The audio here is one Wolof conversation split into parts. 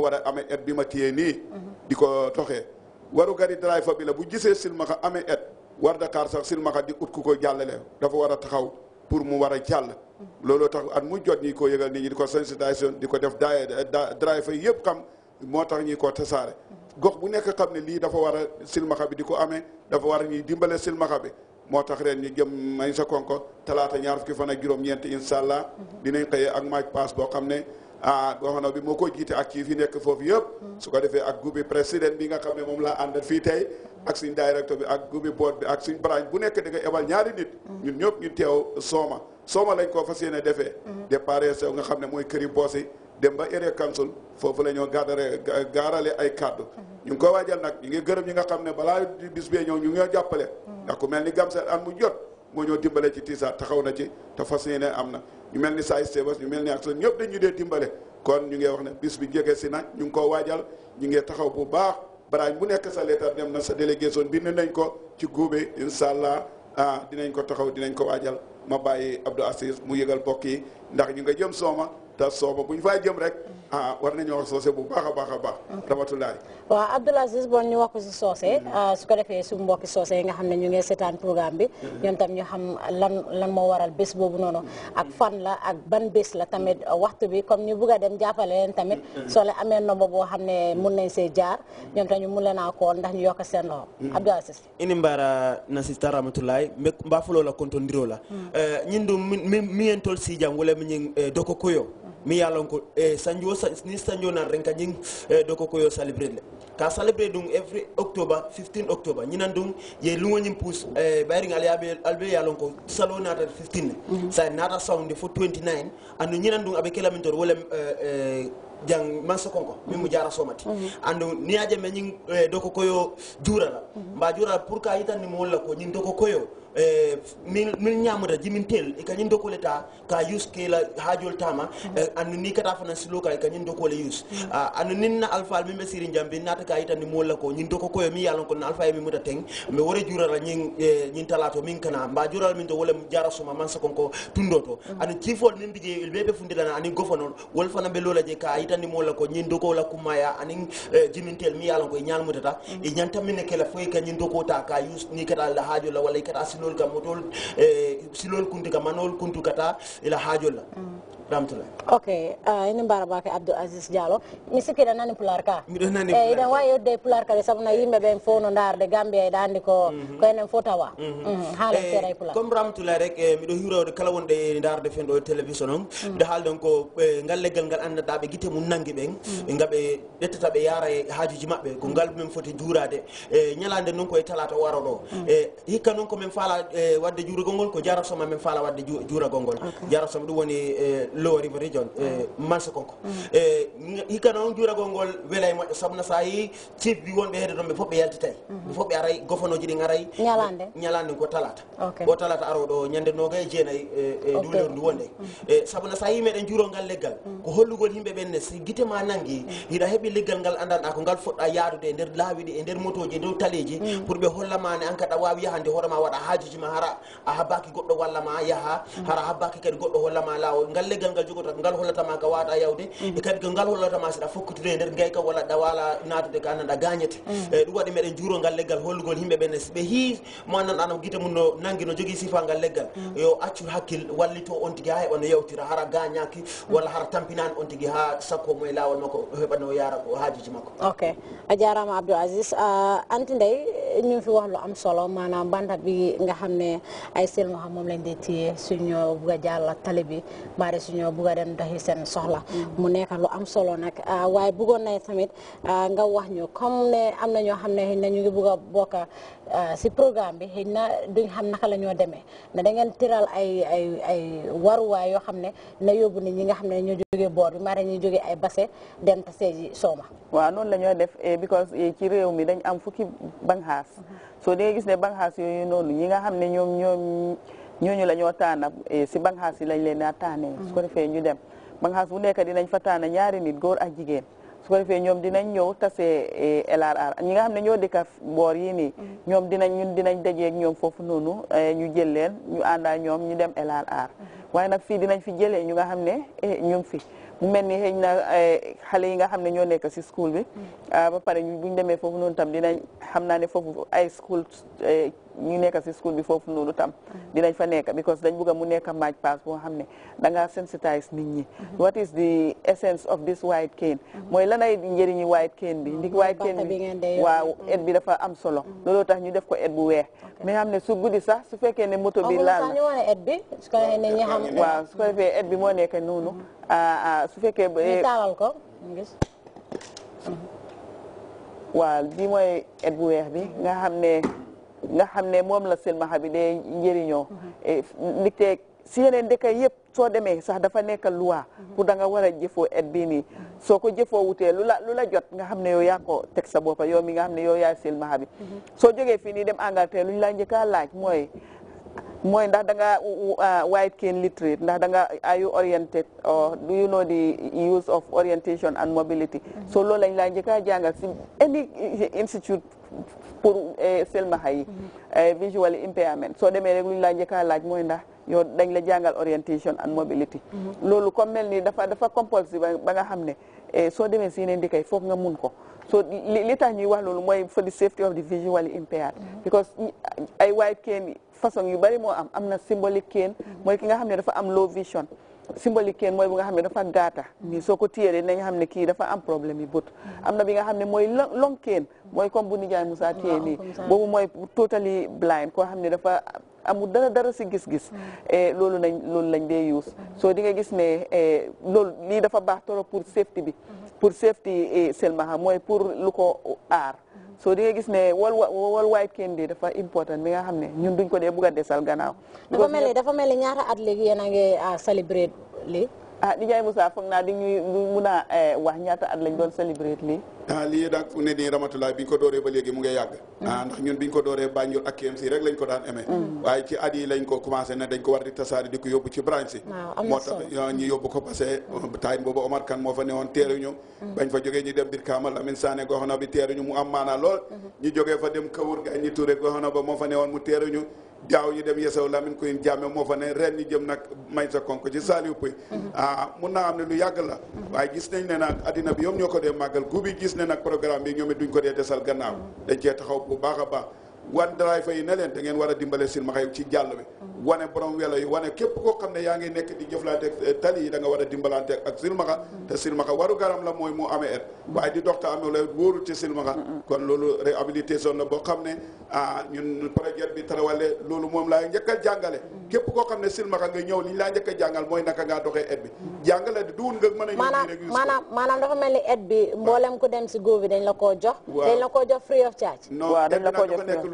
war a amee et bi ma téyee nii di ko toxee waru gari daraay fa bi la bu gisee silmaxa ame et war Dakar sax silmaxa di ut ku ko jàllale dafa war a taxaw pour mu war a jàll looloo tax at mu jot ñi ko yëgal nit ñi di ko sensibilisation di ko def daaye daraay fa yëpp xam moo tax ñi ko tasaare gox bu nekk xam ne lii dafa war a silmaxa bi di ko amee dafa war a ñuy dimbale silmaxa bi moo tax ren ñu jëm mañ sa konko talaata ñaar fukki fan ak juróom ñeenti incha allah mm-hmm. boo xam ne ah boo xono bi moko jité ak kii fi nek fofu yëpp su ko defee ak goubi président bi nga xamné ne la laa fi tay ak suñu directeur bi ak goubi board bi ak suñu branch bu nek da nga ébal ñaari nit ñun ñëpp ñu téw soma soma lañ ko fas défé defee sew nga xamné ne kër yi bossé dem ba area council fofu lañu gadaré garalé ay cadeau ñu ko waajal nak ñi ngi ñi nga xamné ne bisbé bis ñu ñoo jappalé nak ku melni ni gamset an mu jot moo ñoo dimbale ci tiisaat taxaw na ci te fas yéene am na ñu mel ni saa sebas ñu mel ni ak sa ñëpp dañ ñu dee dimbale kon ñu ngi wax ne bis bi jege si na ñu ngi koo waajal ñu ngee taxaw bu baax baraañ bu nekk sa leetar dem na sa délégation bind nañ ko ci góobe incha allah ah dinañ ko taxaw dinañ ko waajal ma bàyyi Abdou Assis mu yégal bokk yi ndax ñu nga jëm sooma te sooba bu ñu fay jëm rek ah war nañoo soose bu baax a baax a baax ramatulaay waaw Abdou Aziz mm-hmm. ah, su ko defee yi nga xam ñu ngi seetaan programme bi mm-hmm. ñoom tam ñu xam lan moo waral bés boobu noonu ak mm-hmm. fan la ak ban bés la tamit waxtu bi comme ñu bugg a dem jàppale leen tamit soo leen amee nomba boo xam ne mun nañ see jaar ñoom tam ñu mun leen a kool ndax ñu yokk seen loxo Abdou Aziz ini mbaara na sista ramatulaay mbé mbaa fuloo la konto ndiroo la mm. eh, ñin du mi wala mi ñi eh, mi ya ko e eh, sanjo ni sanjo na renka jing e eh, do ko koyo celebrate le ka celebrate dum every october 15 october nan dum ye lungo ñim pous e eh, bayri ngal ya be albe ya ko salo na 15 mhm. sa na ta sound fo 29 andu nan dum abe kelamintor wala e jang manso konko mm -hmm. mimu jara somati mm -hmm. andu niaje me ni do doko koyo jura la mhm. ba jura pour ka yitan ni mo la ko do ko koyo mil eh, min ñamuta jimin tel e kañin dokole ta ka ke kela hajol tama eh, anu ni kata fana silo ka e kañin dokole yus ah, anu nin na alfa al be sirin jambi nata ka itani molla ko nyin doko koyo mi yalon ko na alpha mi muta teng me wore la ñin eh, nyin talato min kana mba jura min to wole jara suma man sa konko tundoto anu chifol nin bije il bebe funde dana ani gofanol wol fana be lola je ka itani molla ko ñin doko la kumaya ani jimin tel mi yalon ko e mutata e ñanta min kala foy e kañin doko ta ka yus ni kata la hajol la wala e kata silo mol kam mutol silol kunti kam manol kuntu kata ila hajol la mm. damtule ok uh, eh, ina mbara bake abdou aziz diallo mi sikkida nani pular ka e ina wawi yodde pular kadi sabuna yimɓe ɓen fof no darde gambia eɗa andi ko mhm. ko enen fof tawa mhm. mhm, haala seeɗa e eh, pular comme ramtula rek eh, miɗo hirawde kala wonɗe darde fen ɗo e télévision on mbiɗa haalden ko ngal leggal ngal anndaɗaɓe guite mum nangue ɓen gaɓe ƴettata ɓe yaara e haajuji maɓɓe ko ngal min foti juurade e ñalande noon koye talata o waro ɗo e hikka noon komin faala wadde juuragol ngol ko jarasoma min faala wadde juuragol ngol jarasoma ɗum woni lowri foti region e eh, mansa konko e eh, hikka noon juuragol ngol weela e moƴƴo sabna so yi chief bi wonɓe hede toon ɓe fof ɓe yaltitayi ɓe fof ɓe aray gofonoji ɗi garay ñalande eh, ñalande ko talata bo talata aroɗo ñande noga e jeenayi e duwlewru e, ndu wonde mm. e sabuna so yi meɗen juuro ngal leggal ko hollugol yimɓe ɓen ne si gite ma nanggui mm. hiɗa heeɓi leggal ngal andanɗa ko ngal foɗɗa yaadude e nder laawi ɗi e nder motoji e dow taleji mm. pour ɓe hollamane an kadi a wawi yahande hoorema waɗa haajuji ma hara a habbaki goɗɗo wallama yaha hara habaki kadi goɗɗo hollama lawo ngal kuugal ngal jogota ngal hollatama ka waɗa yawde e kadi ko ngal hollatama saɗa fokkotire e nder gay ka walla ɗa waala natude ka annanɗa gañete mm. eh, ɗum waɗi meɗen juuro ngal leggal hollugol yimɓe ɓene ɓe hi mo annan ana guite mum no nanggui no jogui sifa ngal leggal mm. yo accu hakkil wallito on tigui ha heeɓa no yawtira hara gañaki mm. walla hara tampinani on tigui ha sakko mo e lawol makko heɓa no yara ko hajiji makko ok a jarama abdou asis anti ñu ngi fi wax lu am solo maanaam banda bi nga xam ne ay silmaxa moom lañ di téye suñoo bugg a jàll tali bi bari suñoo bugg a dem doxi seen soxla mm. mu nekk lu am solo nag ah, waaye buggoon nañ tamit ah, nga wax ñu comme am na ñoo xam ne xëy na ñu bugg a bokk ah, si programme bi xëy na duñ xam naka la ñoo demee ne da ngeen tiral ay ay ay waruwaay yoo xam ne na yóbbu nit ñi nga xam ne ñoo jógee boor bi mara ñuy jógee ay base dem ta seeji sooma waaw noonu lañoo def eh, because eh, ci réew mi dañ am fukki banxaas soo dee gis ne bànqaas yooyu noonu ñi nga xam ne ñoom ñoom ñooñu la ñoo taana eh, si bànqaas yi lañ leen a taanee su ko defee ñu dem bànqaas bu nekk dinañ fa taana ñaari nit góor ak jigéen su ko defee ñoom dinañ ñëw tase eh, LRR ñi nga xam ne ñoo dëkka boor yi nii ñoom dinañ ñun dinañ dajeeg ñoom foofu noonu eh, ñu jël leen ñu àndaa ñoom ñu dem LRR waaye nag fii dinañ fi jëlee ñu nga xam ne ñu ngi fi mel ni xëy na eh, xale yi nga xam ne ñoo nekk si school bi mm. ah, ba pare bu ñu demee foofu noonu tam dinañ xam naa ne foofu ay school eh, ñi nekk si school bi foofu noonu tam mm. dinañ fa nekk because dañ bëgg mu nekk match pass boo xam ne da ngaa sensitise nit ñi mm-hmm. what is the essence of this white cane mm-hmm. mooy lanay njëriñu white cane bi mm-hmm. ndik white cane bi waaw et bi dafa am solo looloo tax ñu def ko et bu weex mais xam ne su guddi sax su fekkee ne moto bi laal waaw su ko defee et bi moo nekk noonu ah, ah, su fekkee waaw bi mooy et bu weex bi nga xam ne nga xam ne moom la silmaxa bi dee njëriñoo li teg si yeneen dëkk yëpp soo demee sax dafa nekk loi pour da nga war a jëfoo aide bii nii soo ko jëfoo wutee lu la lu la jot nga xam ne yow yaa ko teg sa boppa yow mi nga xam ne yow yaa silmaxa bi soo jógee fii nii dem Angleterre lu ñu la njëkk a laaj mooy mooy ndax danga nga white cane literate ndax da nga are you oriented or do you know the use of orientation and mobility so loolu lañ laa njëkk a jàngal si any institute pour eh, selmaxa yi eh, visual impairment soo demee rek lu ñu laa njëkka laaj mooy ndax yow dañ la jàngal orientation and mobility mhm. loolu comme mel ni dafa dafa compulsive ba nga xam ne eh, soo demee si yeneen dëkk yi foog nga mun ko so li ñuy wax loolu mooy for the safety of the visually impaired mhm. because ay white cane façon yu bari moo am am na symbolic cane mhm. mooy ki nga xam ne dafa am low vision symbolique kenn mooy bu nga xam ne dafa gaata mm. nii soo ko téyeree nañ xam ne kii dafa am problème yi bët mm. am na bi nga xam ne mooy long kenn mooy comme bu nijaay Moussa mm. téye ah, nii boobu mooy totally blind koo xam ne dafa amul dara dara si gis-gis eh, loolu nañ loolu lañ dee use soo di nga gis ne eh, lool lii dafa baax trop pour safety bi mm-hmm. pour safety eh, selmaha mooy pour lu ko aar so di gis ne wol wol white candy dafa important bi nga xam ne ñun duñ ko dee bugg de desal gannaaw. dafa mel ni dafa mel ni ñaata at léegi yéen a ngi ah, celebrate lii. ah di Ndiaye Moussa foog naa di ñuy mun a eh, wax ñaata at lañ doon celebrate lii. ah lii daag fu ne nii ramatulaay bi ko dooree ba léegi mu ngi yàgg mm. ah, ndax ñun bi ko dooree Banjul ak KMC rek lañ ko daan amee mm. waaye ci addina bi yom ñoo ko dee màggal gubi gis ne nag programme bi ñoom it duñ ko dee desal gannaaw dañ cee taxaw bu baax a baax wan driver yi ne leen te ngeen war a dimbale silmaxa yi ci jàll bi wane borom welo yi wane képp koo xam ne yaa ngi nekk di jëflante eh, tali yi war a dimbalante ak silmaxa te silmaxa waru garam la mooy mu amee et waaye di doxta amee la wóorul ci silmaxa kon loolu réhabilitation la boo xam ne ah ñun projet bi tarawale loolu moom laa njëkk jàngale képp koo xam ne silmaxa nga ñëw li ñu laa njëkk jàngal mooy naka ngaa doxee et bi jàngale di duwul nga mën a ñëw maanaam maanaam dafa mel ni et bi mboolem ku dem si góob bi dañ la koo jox dañ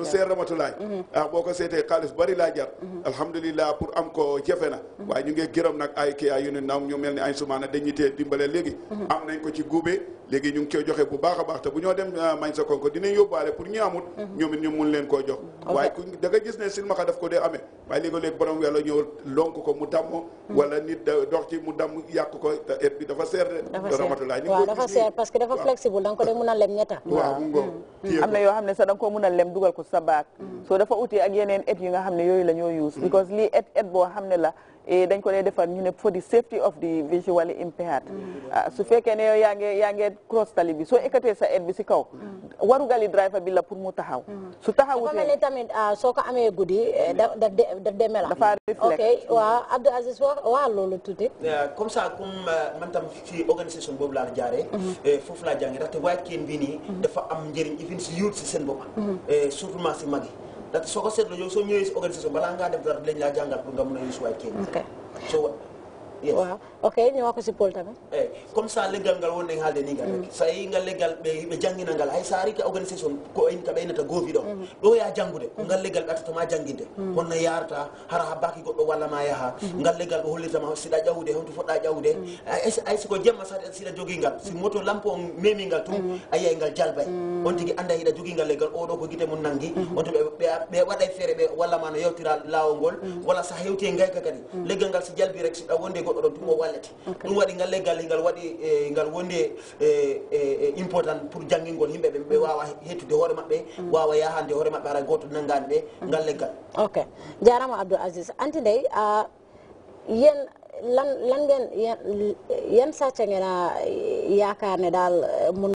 du seer ramatulaay waaw mhm. ah, boo ko seetee xaalis bari laa jar mhm. alhamdulilah pour am ko jëfe na mhm. waaye ñu ngi gërëm nag ay kii ay yu ne naam ñu mel ni ay sumaana dañuy tee dimbale léegi am nañ ko ci guubee léegi ñu ngi koy joxe bu baax a baax te bu ñoo dem mañ sa konko dinañ yóbbaale pour ñu amut mhm. ñoom it ñu mun leen koo jox waaye ku gis ne silmaxa daf ko de amee waaye léegi-léegi borom yàlla ñëw lonk ko mu dammo mhm. wala nit dox mu damm ko te et bi dafa seer de parce que da nga ko dee mun mhm. ne sax da nga a lem dugal ko sa baak soo dafa utee ak yeneen et yi nga xam ne yooyu la ñoo use because boo xam ne la dañ ko dee defar ñu ne for the safety of the visually impaired mm-hmm. ah, su fekkee ne yaa nge yaa nge cross tali bi soo ekkatee sa aide bi si kaw mm-hmm. warugali driver bi la pour mu taxaw mm-hmm. su taxawutee dafa mel ni ah, soo ko amee guddi eh, daf daf dee dafa reflect ok waaw Abdou Aziz wax waa loolu tuuti eh, comme ça comme eh, man tam ci organisation boobu laa jaaree foofu laa jàngee ndaxte waaj kenn bi dafa am njëriñ even si youth si seen bopp surtout si mag yi ndax soo ko seetloo yow soo ñëwee si organisation balaa ngaa def dara dinañ laa jàngal nga mën a use waay kenn. ok yes wow. okay ni wako sipol tame eh comme ça legal ngal wonde haalde ni ngal mm. a yi ngal legal ɓe ɓe jangina ngal hay sa ari ka organisation ko en ka ɓeynata goofi ɗo ɗo ya janngude ko ngal legal ɓatatama jangguinde honno yarata hara ha baaki goɗɗo walla ma yaha mm-hmm. ngal legal ɓe hollirtama siɗa ƴawde a foɗɗa ƴawde mm-hmm. ay siko jemma sa ngal si mm-hmm. moto lampe o memi ngal tum a yiyay ngal jalbay on tigui anda hiɗa jogui ngal legal oɗo ko guite mum nanggui on to ɓe waɗay feere ɓe walla ma no yewtira lawol ngol walla sa hewti e gayka kadi leggal ngal si jalbi rek siɗa wonde goɗɗo oɗo dumo wallete ɗum waɗi ngal leggal ngal waɗi e, ngal wondi e, e, e important pour jangingol yimɓe ɓe ɓe mhm. wawa hettude hoore maɓɓe mhm. wawa yahande hoore maɓɓe haray goto nanggani ɓe mhm. ngal leggal ok jarama abdoul asis anti dey yen lan lan ngeen yan yan sàcc a mun